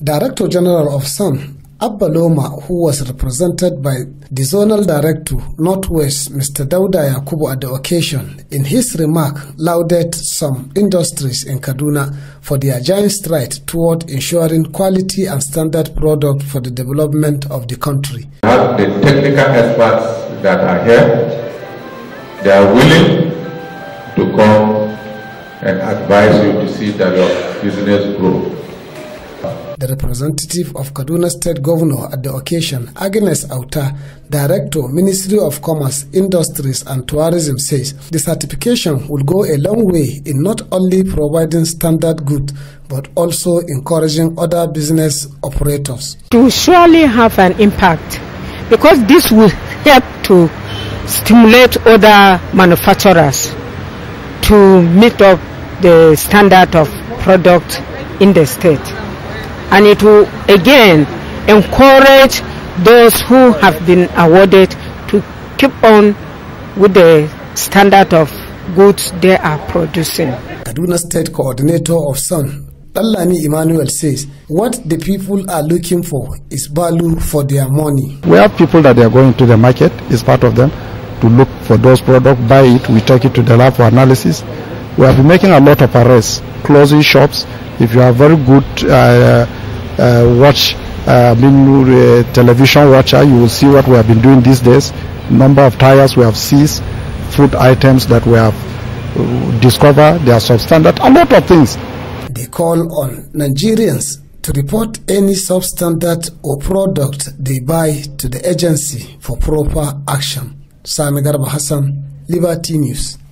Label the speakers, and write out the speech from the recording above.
Speaker 1: Director General of SAM, Abba Loma, who was represented by the Zonal Director Northwest, Mr. Dauda Yakubu at the occasion, in his remark lauded some industries in Kaduna for their giant stride toward ensuring quality and standard product for the development of the country.
Speaker 2: have the technical experts that are here. They are willing to come and advise you to see that your business grow
Speaker 1: the representative of Kaduna State Governor at the occasion, Agnes Auta, Director, Ministry of Commerce, Industries and Tourism says the certification will go a long way in not only providing standard goods but also encouraging other business operators.
Speaker 3: To surely have an impact because this will help to stimulate other manufacturers to meet up the standard of product in the state and it will again encourage those who have been awarded to keep on with the standard of goods they are
Speaker 1: producing. Kaduna State Coordinator of SUN, Talani Emmanuel says, what the people are looking for is value for their money.
Speaker 2: We have people that they are going to the market, is part of them, to look for those products, buy it, we take it to the lab for analysis. We have been making a lot of arrests, closing shops, if you are very good uh, uh, watch uh, I mean, television watcher you will see what we have been doing these days number of tires we have seized food items that we have discovered they are substandard a lot of things
Speaker 1: they call on nigerians to report any substandard or product they buy to the agency for proper action sami garba hassan liberty news